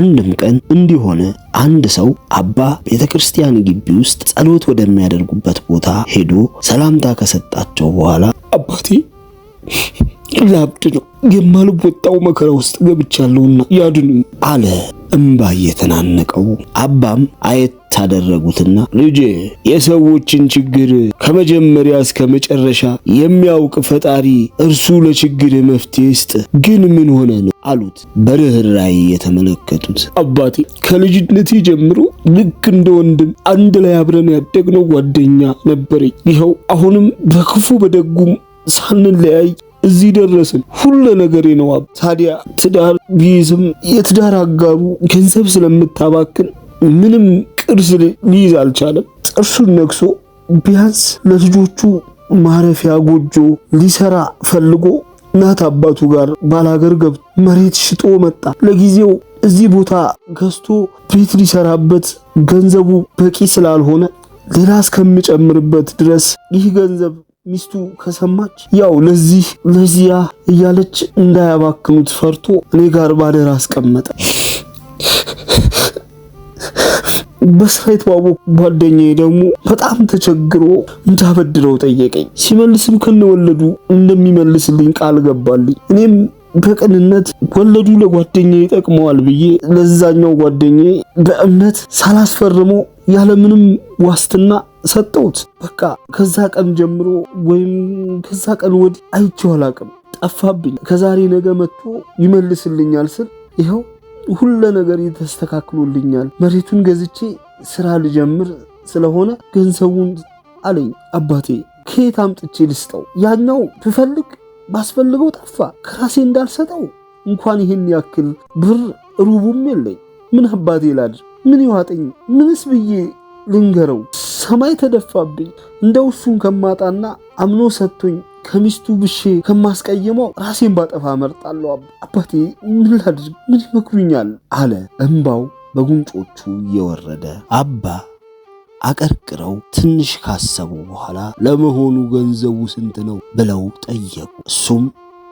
አንድም ቀን እንዲሆነ አንድ ሰው አባ ቤተ ክርስቲያን ግቢ ውስጥ ጸሎት ወደሚያደርጉበት ቦታ ሄዶ ሰላምታ ከሰጣቸው በኋላ አባቴ ላብድ ነው የማልወጣው መከራ ውስጥ ገብቻለሁና ያድኑ አለ፣ እምባ እየተናነቀው። አባም አየት ታደረጉትና ልጄ የሰዎችን ችግር ከመጀመሪያ እስከ መጨረሻ የሚያውቅ ፈጣሪ እርሱ ለችግር መፍትሄ ስጥ፣ ግን ምን ሆነ ነው አሉት በርኅራኄ የተመለከቱት። አባቴ ከልጅነቴ ጀምሮ ልክ እንደ ወንድም አንድ ላይ አብረን ያደግነው ጓደኛ ነበረኝ። ይኸው አሁንም በክፉ በደጉም ሳንለያይ እዚህ ደረስን። ሁሉ ነገሬ ነው። ታዲያ ትዳር ቢይዝም የትዳር አጋሩ ገንዘብ ስለምታባክን ምንም ጥርስ ሊይዝ አልቻለም። ጥርሱን ነክሶ ቢያንስ ለልጆቹ ማረፊያ ጎጆ ሊሰራ ፈልጎ እናት አባቱ ጋር ባላገር ገብቶ መሬት ሽጦ መጣ። ለጊዜው እዚህ ቦታ ገዝቶ ቤት ሊሰራበት ገንዘቡ በቂ ስላልሆነ ሌላ እስከምጨምርበት ድረስ ይህ ገንዘብ ሚስቱ ከሰማች ያው ለዚህ ለዚያ እያለች እንዳያባክኑት ፈርቶ እኔ ጋር ባደር አስቀመጠ። በስራ የተዋወቁ ጓደኛዬ ደግሞ በጣም ተቸግሮ እንዳበድረው ጠየቀኝ። ሲመልስም ከነወለዱ እንደሚመልስልኝ ቃል ገባልኝ። እኔም በቅንነት ወለዱ ለጓደኛ ይጠቅመዋል ብዬ ለዛኛው ጓደኛ በእምነት ሳላስፈርመው ያለምንም ዋስትና ሰጠሁት። በቃ ከዛ ቀን ጀምሮ ወይም ከዛ ቀን ወዲህ አይቼው አላቅም። ጠፋብኝ። ከዛሬ ነገ መጥቶ ይመልስልኛል ስል ይኸው ሁለ ነገር ተስተካክሎልኛል። መሬቱን ገዝቼ ስራ ልጀምር ስለሆነ ገንዘቡን አለኝ አባቴ። ከየት አምጥቼ ልስጠው? ያኛው ብፈልግ ባስፈልገው ጠፋ። ከራሴ እንዳልሰጠው እንኳን ይህን ያክል ብር ሩቡም የለኝ። ምን አባቴ ላድር? ምን ይዋጠኝ? ምንስ ብዬ ልንገረው? ሰማይ ተደፋብኝ። እንደው እሱን ከማጣና አምኖ ሰጥቶኝ ከሚስቱ ብሼ ከማስቀየመው ራሴን ባጠፋ እመርጣለሁ። አባቴ ምን ላድርግ? ምን ይመክሩኛል? አለ እምባው በጉንጮቹ እየወረደ አባ አቀርቅረው ትንሽ ካሰቡ በኋላ ለመሆኑ ገንዘቡ ስንት ነው ብለው ጠየቁ። እሱም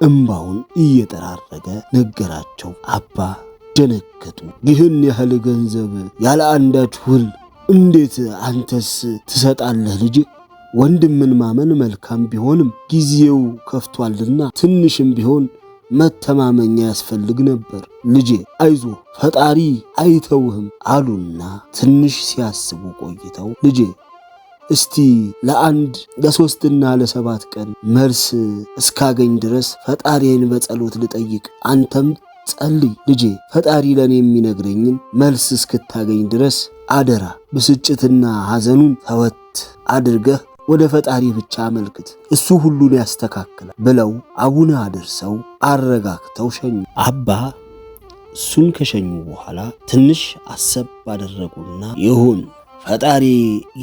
እምባውን እየጠራረገ ነገራቸው። አባ ደነገጡ። ይህን ያህል ገንዘብ ያለ አንዳች ውል እንዴት አንተስ ትሰጣለህ ልጄ ወንድምን ማመን መልካም ቢሆንም ጊዜው ከፍቷልና ትንሽም ቢሆን መተማመኛ ያስፈልግ ነበር። ልጄ አይዞ ፈጣሪ አይተውህም አሉና ትንሽ ሲያስቡ ቆይተው ልጄ እስቲ ለአንድ ለሶስትና ለሰባት ቀን መልስ እስካገኝ ድረስ ፈጣሪን በጸሎት ልጠይቅ፣ አንተም ጸልይ ልጄ። ፈጣሪ ለእኔ የሚነግረኝን መልስ እስክታገኝ ድረስ አደራ ብስጭትና ሐዘኑን ተወት አድርገህ ወደ ፈጣሪ ብቻ አመልክት፣ እሱ ሁሉን ያስተካክላል ብለው አቡነ አድርሰው አረጋግተው ሸኙ። አባ እሱን ከሸኙ በኋላ ትንሽ አሰብ ባደረጉና ይሁን ፈጣሪ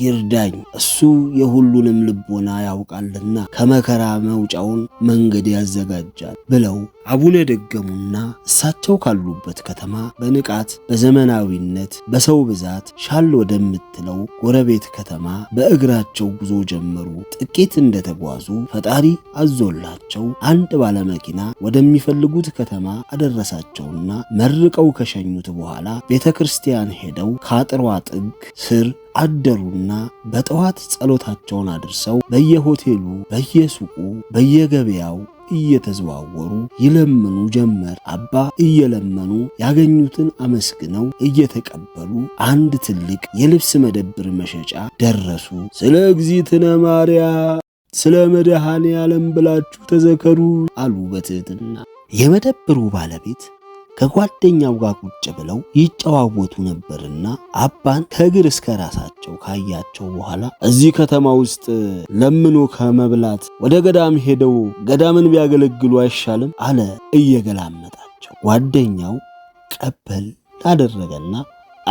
ይርዳኝ፣ እሱ የሁሉንም ልቦና ያውቃልና ከመከራ መውጫውን መንገድ ያዘጋጃል ብለው አቡነ ደገሙና እሳቸው ካሉበት ከተማ በንቃት በዘመናዊነት በሰው ብዛት ሻል ወደምትለው ጎረቤት ከተማ በእግራቸው ጉዞ ጀመሩ። ጥቂት እንደተጓዙ ፈጣሪ አዞላቸው አንድ ባለመኪና ወደሚፈልጉት ከተማ አደረሳቸውና መርቀው ከሸኙት በኋላ ቤተ ክርስቲያን ሄደው ከአጥሯ ጥግ ስር አደሩና በጠዋት ጸሎታቸውን አድርሰው በየሆቴሉ፣ በየሱቁ፣ በየገበያው እየተዘዋወሩ ይለምኑ ጀመር። አባ እየለመኑ ያገኙትን አመስግነው እየተቀበሉ አንድ ትልቅ የልብስ መደብር መሸጫ ደረሱ። ስለ እግዚእትነ ማርያ ስለ መድኃኔ ዓለም ብላችሁ ተዘከሩ አሉ በትህትና። የመደብሩ ባለቤት ከጓደኛው ጋር ቁጭ ብለው ይጨዋወቱ ነበርና አባን ከእግር እስከ ራሳቸው ካያቸው በኋላ እዚህ ከተማ ውስጥ ለምኖ ከመብላት ወደ ገዳም ሄደው ገዳምን ቢያገለግሉ አይሻልም? አለ እየገላመጣቸው። ጓደኛው ቀበል አደረገና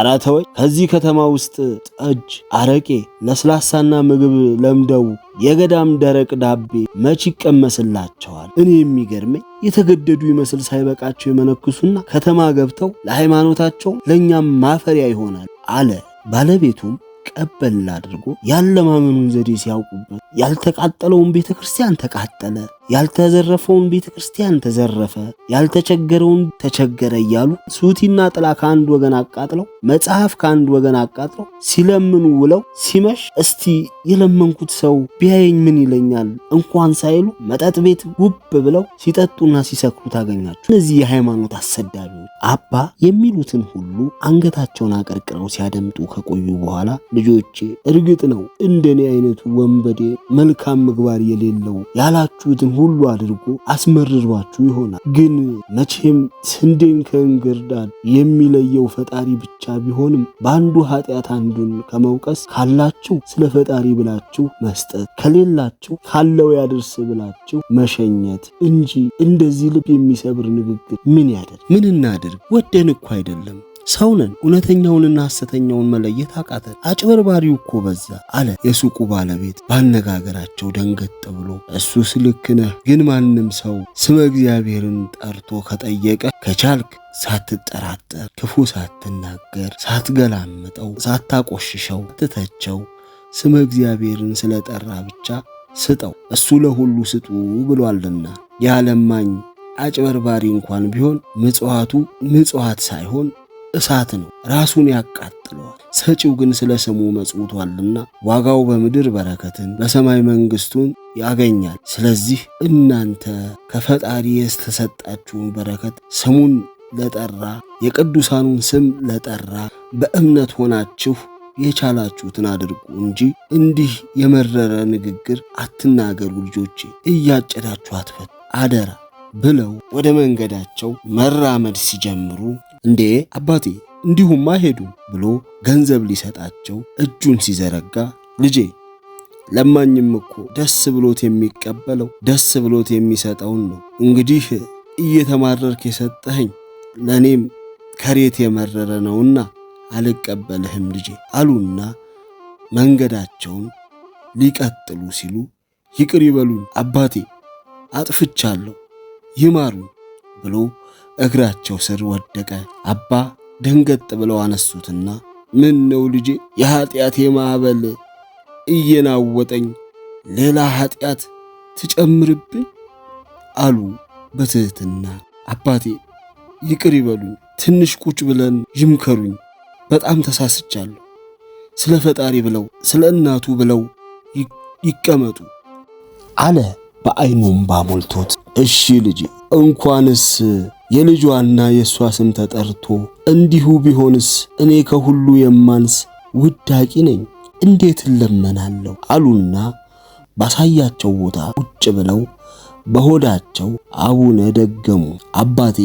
አራተወይ ከዚህ ከተማ ውስጥ ጠጅ፣ አረቄ፣ ለስላሳና ምግብ ለምደው የገዳም ደረቅ ዳቤ መች ይቀመስላቸዋል? እኔ የሚገርመኝ የተገደዱ ይመስል ሳይበቃቸው የመነኩሱና ከተማ ገብተው ለሃይማኖታቸው ለእኛም ማፈሪያ ይሆናል አለ። ባለቤቱም ቀበል አድርጎ ያለማመኑን ዘዴ ሲያውቁበት ያልተቃጠለውን ቤተ ክርስቲያን ተቃጠለ፣ ያልተዘረፈውን ቤተ ክርስቲያን ተዘረፈ፣ ያልተቸገረውን ተቸገረ እያሉ ሱቲና ጥላ ከአንድ ወገን አቃጥለው መጽሐፍ ከአንድ ወገን አቃጥለው ሲለምኑ ውለው ሲመሽ እስቲ የለመንኩት ሰው ቢያየኝ ምን ይለኛል እንኳን ሳይሉ መጠጥ ቤት ውብ ብለው ሲጠጡና ሲሰክሩ ታገኛቸው። እነዚህ የሃይማኖት አሰዳቢዎች አባ የሚሉትን ሁሉ አንገታቸውን አቀርቅረው ሲያደምጡ ከቆዩ በኋላ ልጆቼ፣ እርግጥ ነው እንደኔ አይነቱ ወንበዴ መልካም ምግባር የሌለው ያላችሁትን ሁሉ አድርጎ አስመርሯችሁ ይሆናል። ግን መቼም ስንዴን ከእንግርዳድ የሚለየው ፈጣሪ ብቻ ቢሆንም በአንዱ ኃጢአት አንዱን ከመውቀስ ካላችሁ ስለ ፈጣሪ ብላችሁ መስጠት፣ ከሌላችሁ ካለው ያድርስ ብላችሁ መሸኘት እንጂ እንደዚህ ልብ የሚሰብር ንግግር ምን ያደርግ? ምን እናድርግ? ወደን እኮ አይደለም ሰውንን እውነተኛውንና ሐሰተኛውን መለየት አቃተን፣ አጭበርባሪው እኮ በዛ አለ የሱቁ ባለቤት ባነጋገራቸው ደንገጥ ብሎ። እሱስ ልክ ነህ፣ ግን ማንም ሰው ስመ እግዚአብሔርን ጠርቶ ከጠየቀ ከቻልክ ሳትጠራጠር፣ ክፉ ሳትናገር፣ ሳትገላምጠው፣ ሳታቆሽሸው፣ ትተቸው ስመ እግዚአብሔርን ስለጠራ ብቻ ስጠው እሱ ለሁሉ ስጡ ብሏልና ያለማኝ አጭበርባሪ እንኳን ቢሆን ምጽዋቱ ምጽዋት ሳይሆን እሳት ነው፣ ራሱን ያቃጥለዋል። ሰጪው ግን ስለ ስሙ መጽውቷልና ዋጋው በምድር በረከትን በሰማይ መንግሥቱን ያገኛል። ስለዚህ እናንተ ከፈጣሪ የተሰጣችሁን በረከት ስሙን ለጠራ የቅዱሳኑን ስም ለጠራ በእምነት ሆናችሁ የቻላችሁትን አድርጉ እንጂ እንዲህ የመረረ ንግግር አትናገሩ ልጆቼ፣ እያጨዳችሁ አትፈት አደራ ብለው ወደ መንገዳቸው መራመድ ሲጀምሩ እንዴ አባቴ እንዲሁም ሄዱ ብሎ ገንዘብ ሊሰጣቸው እጁን ሲዘረጋ ልጄ ለማኝም እኮ ደስ ብሎት የሚቀበለው ደስ ብሎት የሚሰጠውን ነው። እንግዲህ እየተማረርክ የሰጠኸኝ ለእኔም ከሬት የመረረ ነውና አልቀበልህም ልጄ አሉና መንገዳቸውን ሊቀጥሉ ሲሉ ይቅር ይበሉኝ አባቴ አጥፍቻለሁ፣ ይማሩኝ ብሎ እግራቸው ስር ወደቀ። አባ ደንገጥ ብለው አነሱትና ምን ነው ልጄ፣ የኀጢአቴ ማዕበል እየናወጠኝ ሌላ ኀጢአት ትጨምርብኝ? አሉ በትህትና አባቴ ይቅር ይበሉኝ፣ ትንሽ ቁጭ ብለን ይምከሩኝ። በጣም ተሳስቻለሁ። ስለ ፈጣሪ ብለው ስለ እናቱ ብለው ይቀመጡ አለ በዐይኑ ባሞልቶት እሺ ልጄ እንኳንስ የልጇና የእሷ ስም ተጠርቶ እንዲሁ ቢሆንስ እኔ ከሁሉ የማንስ ውዳቂ ነኝ፣ እንዴት እለመናለሁ አሉና ባሳያቸው ቦታ ቁጭ ብለው በሆዳቸው አቡነ ደገሙ። አባቴ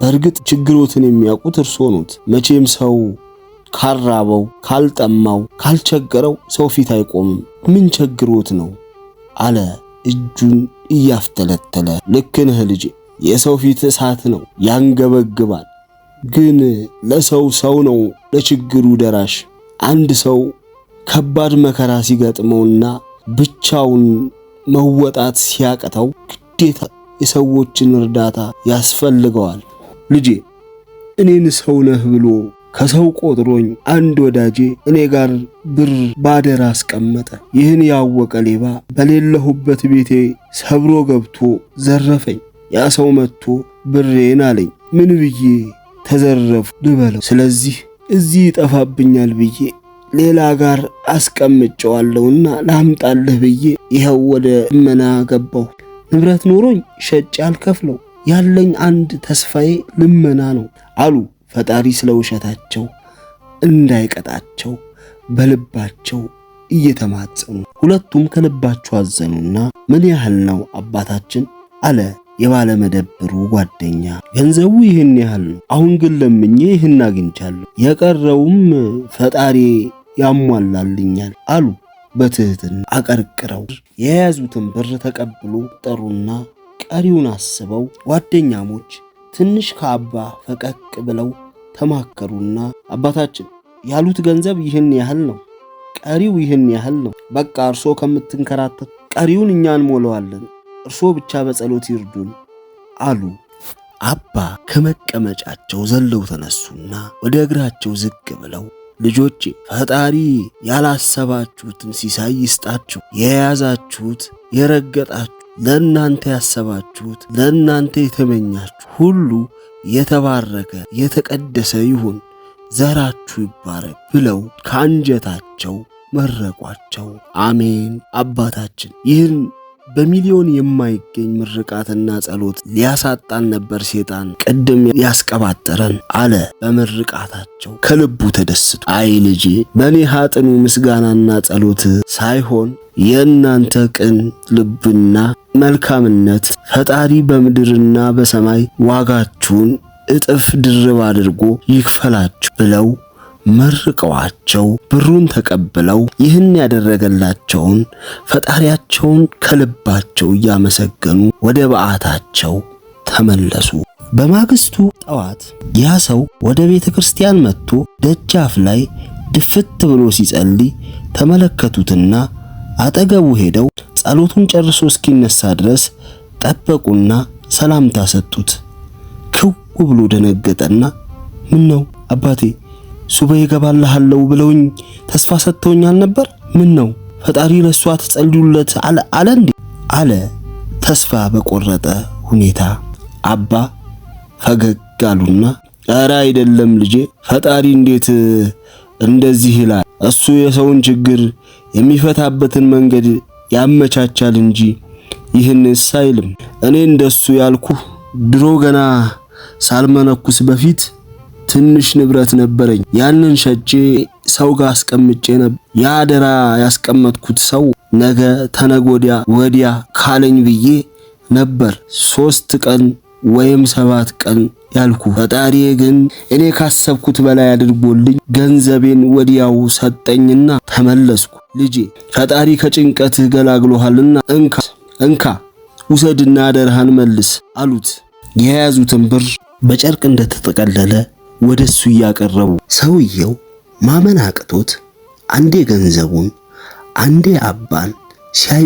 በእርግጥ ችግሮትን የሚያውቁት እርሶ ኖት። መቼም ሰው ካራበው ካልጠማው፣ ካልቸገረው ሰው ፊት አይቆምም። ምን ቸግሮት ነው አለ እጁን እያፍተለተለ። ልክ ነህ ልጄ የሰው ፊት እሳት ነው፣ ያንገበግባል። ግን ለሰው ሰው ነው ለችግሩ ደራሽ። አንድ ሰው ከባድ መከራ ሲገጥመውና ብቻውን መወጣት ሲያቅተው ግዴታ የሰዎችን እርዳታ ያስፈልገዋል። ልጄ እኔን ሰው ነህ ብሎ ከሰው ቆጥሮኝ አንድ ወዳጄ እኔ ጋር ብር ባደር አስቀመጠ። ይህን ያወቀ ሌባ በሌለሁበት ቤቴ ሰብሮ ገብቶ ዘረፈኝ። ያ ሰው መጥቶ ብሬን አለኝ። ምን ብዬ ተዘረፉ ልበለው? ስለዚህ እዚህ ይጠፋብኛል ብዬ ሌላ ጋር አስቀምጨዋለሁና ላምጣልህ ብዬ ይኸው ወደ ልመና ገባሁ። ንብረት ኖሮኝ ሸጬ አልከፍለው ያለኝ አንድ ተስፋዬ ልመና ነው አሉ ፈጣሪ ስለ ውሸታቸው እንዳይቀጣቸው በልባቸው እየተማጸኑ ሁለቱም ከልባቸው አዘኑና ምን ያህል ነው አባታችን አለ የባለመደብሩ ጓደኛ ገንዘቡ ይህን ያህል ነው። አሁን ግን ለምኜ ይህን አግኝቻለሁ፣ የቀረውም ፈጣሪ ያሟላልኛል አሉ በትህትና አቀርቅረው። የያዙትን ብር ተቀብሎ ጠሩና ቀሪውን አስበው ጓደኛሞች ትንሽ ከአባ ፈቀቅ ብለው ተማከሩና አባታችን ያሉት ገንዘብ ይህን ያህል ነው፣ ቀሪው ይህን ያህል ነው። በቃ እርሶ ከምትንከራተት ቀሪውን እኛ እንሞለዋለን እርሶ ብቻ በጸሎት ይርዱን አሉ። አባ ከመቀመጫቸው ዘለው ተነሱና ወደ እግራቸው ዝቅ ብለው ልጆቼ ፈጣሪ ያላሰባችሁትን ሲሳይ ይስጣችሁ፣ የያዛችሁት የረገጣችሁ፣ ለእናንተ ያሰባችሁት ለእናንተ የተመኛችሁ ሁሉ የተባረከ የተቀደሰ ይሁን፣ ዘራችሁ ይባረክ ብለው ከአንጀታቸው መረቋቸው። አሜን። አባታችን ይህን በሚሊዮን የማይገኝ ምርቃትና ጸሎት ሊያሳጣን ነበር ሴጣን ቅድም ያስቀባጠረን አለ በምርቃታቸው ከልቡ ተደስቶ አይ ልጄ በእኔ ሀጥኑ ምስጋናና ጸሎት ሳይሆን የእናንተ ቅን ልብና መልካምነት ፈጣሪ በምድርና በሰማይ ዋጋችሁን እጥፍ ድርብ አድርጎ ይክፈላችሁ ብለው መርቀዋቸው ብሩን ተቀብለው ይህን ያደረገላቸውን ፈጣሪያቸውን ከልባቸው እያመሰገኑ ወደ በዓታቸው ተመለሱ። በማግስቱ ጠዋት ያ ሰው ወደ ቤተ ክርስቲያን መጥቶ ደጃፍ ላይ ድፍት ብሎ ሲጸልይ ተመለከቱትና አጠገቡ ሄደው ጸሎቱን ጨርሶ እስኪነሳ ድረስ ጠበቁና ሰላምታ ሰጡት። ክው ብሎ ደነገጠና ምን ነው አባቴ ሱበ ይገባልሃለው ብለውኝ ተስፋ ሰጥተውኝ አልነበር? ምን ነው ፈጣሪ ለሷ ተጸልዩለት አለ አለ እንዴ አለ ተስፋ በቆረጠ ሁኔታ። አባ ፈገግ አሉና ኧረ አይደለም ልጄ፣ ፈጣሪ እንዴት እንደዚህ ይላል? እሱ የሰውን ችግር የሚፈታበትን መንገድ ያመቻቻል እንጂ ይህንስ አይልም። እኔ እንደሱ ያልኩህ ድሮ ገና ሳልመነኩስ በፊት ትንሽ ንብረት ነበረኝ። ያንን ሸጬ ሰው ጋር አስቀምጬ ነበር። የአደራ ያስቀመጥኩት ሰው ነገ ተነጎዲያ ወዲያ ካለኝ ብዬ ነበር ሶስት ቀን ወይም ሰባት ቀን ያልኩ። ፈጣሪዬ ግን እኔ ካሰብኩት በላይ አድርጎልኝ ገንዘቤን ወዲያው ሰጠኝና ተመለስኩ። ልጄ ፈጣሪ ከጭንቀትህ ገላግሎሃልና እንካ እንካ ውሰድና አደርሃን መልስ አሉት። የያዙትን ብር በጨርቅ እንደተጠቀለለ ወደ እሱ እያቀረቡ ሰውየው ማመን አቅቶት አንዴ ገንዘቡን አንዴ አባን ሲያይ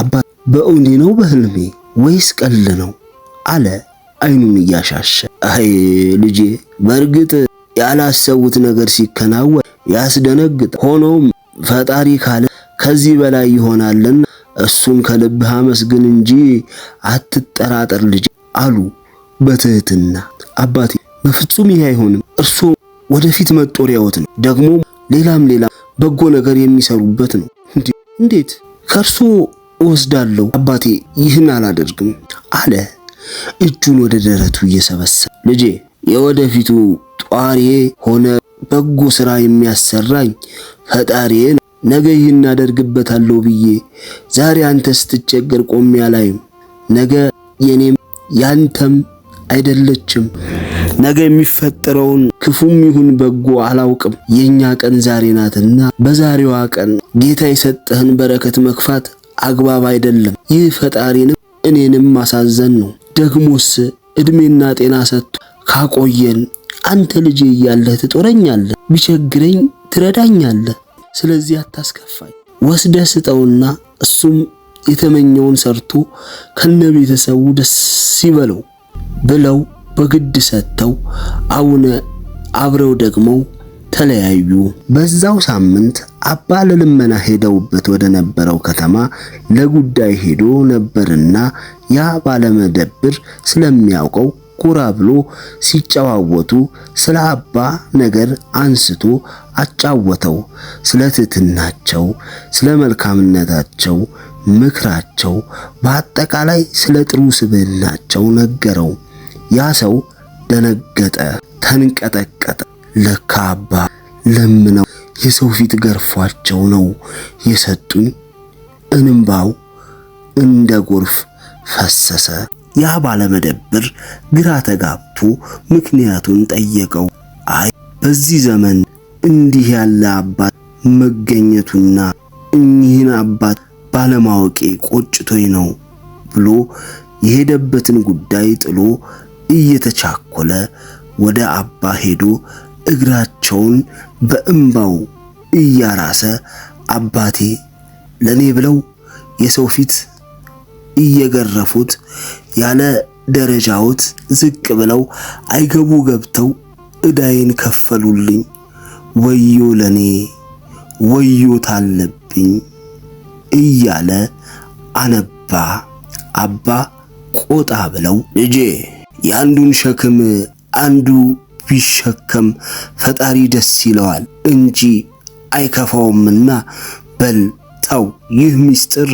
አባ በእውኔ ነው በህልሜ ወይስ ቀል ነው አለ አይኑን እያሻሸ። አይ ልጄ፣ በእርግጥ ያላሰቡት ነገር ሲከናወን ያስደነግጥ። ሆኖም ፈጣሪ ካለ ከዚህ በላይ ይሆናልና እሱን ከልብህ አመስግን እንጂ አትጠራጠር ልጄ አሉ በትህትና አባቴ በፍጹም ይህ አይሆንም። እርሶ ወደፊት መጦሪያዎት ነው፣ ደግሞ ሌላም ሌላ በጎ ነገር የሚሰሩበት ነው። እንዴት ከእርሶ እወስዳለሁ? አባቴ ይህን አላደርግም አለ እጁን ወደ ደረቱ እየሰበሰበ። ልጄ የወደፊቱ ጧሪዬ ሆነ በጎ ስራ የሚያሰራኝ ፈጣሪዬ ነው። ነገ ይህን እናደርግበታለሁ ብዬ ዛሬ አንተ ስትቸገር ቆሜ አላይም። ነገ የኔም ያንተም አይደለችም። ነገ የሚፈጠረውን ክፉም ይሁን በጎ አላውቅም። የእኛ ቀን ዛሬ ናትና በዛሬዋ ቀን ጌታ የሰጠህን በረከት መክፋት አግባብ አይደለም። ይህ ፈጣሪንም እኔንም ማሳዘን ነው። ደግሞስ እድሜና ጤና ሰጥቶ ካቆየን አንተ ልጅ እያለህ ትጦረኛለህ፣ ቢቸግረኝ ትረዳኛለህ። ስለዚህ አታስከፋኝ። ወስደ ስጠውና እሱም የተመኘውን ሰርቶ ከነ ቤተሰቡ ደስ ይበለው ብለው በግድ ሰጥተው አቡነ አብረው ደግሞ ተለያዩ። በዛው ሳምንት አባ ለልመና ሄደውበት ወደ ነበረው ከተማ ለጉዳይ ሄዶ ነበርና ያ ባለመደብር ስለሚያውቀው ጎራ ብሎ ሲጨዋወቱ ስለ አባ ነገር አንስቶ አጫወተው። ስለ ትህትናቸው፣ ስለ መልካምነታቸው፣ ምክራቸው፣ በአጠቃላይ ስለ ጥሩ ስብዕናቸው ነገረው። ያ ሰው ደነገጠ፣ ተንቀጠቀጠ። ለካ አባ ለምነው የሰው ፊት ገርፏቸው ነው የሰጡኝ። እንባው እንደ ጎርፍ ፈሰሰ። ያ ባለመደብር ግራ ተጋብቶ ምክንያቱን ጠየቀው። አይ በዚህ ዘመን እንዲህ ያለ አባት መገኘቱና እኚህን አባት ባለማወቄ ቆጭቶኝ ነው ብሎ የሄደበትን ጉዳይ ጥሎ እየተቻኮለ ወደ አባ ሄዶ እግራቸውን በእምባው እያራሰ አባቴ ለኔ ብለው የሰው ፊት እየገረፉት ያለ ደረጃዎት ዝቅ ብለው አይገቡ ገብተው እዳይን ከፈሉልኝ፣ ወዮ ለኔ ወዮታ ታለብኝ እያለ አነባ። አባ ቆጣ ብለው ልጄ የአንዱን ሸክም አንዱ ቢሸከም ፈጣሪ ደስ ይለዋል እንጂ አይከፋውምና። በል ተው፣ ይህ ምስጢር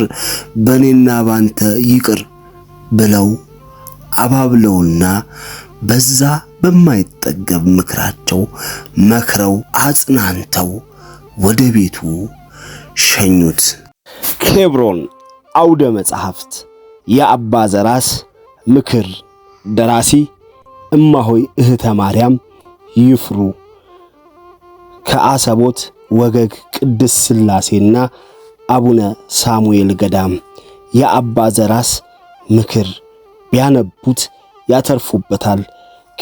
በእኔና ባንተ ይቅር ብለው አባብለውና በዛ በማይጠገብ ምክራቸው መክረው አጽናንተው ወደ ቤቱ ሸኙት። ኬብሮን አውደ መጽሐፍት የአባ ዘራስ ምክር ደራሲ እማሆይ እህተ ማርያም ይፍሩ ከአሰቦት ወገግ ቅድስት ሥላሴና አቡነ ሳሙኤል ገዳም የአባ ዘራስ ምክር ቢያነቡት ያተርፉበታል።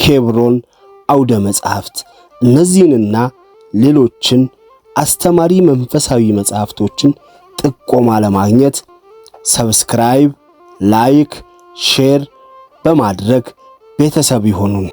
ኬብሮን አውደ መጻሕፍት እነዚህንና ሌሎችን አስተማሪ መንፈሳዊ መጻሕፍቶችን ጥቆማ ለማግኘት ሰብስክራይብ፣ ላይክ፣ ሼር በማድረግ ቤተሰብ ይሆኑን።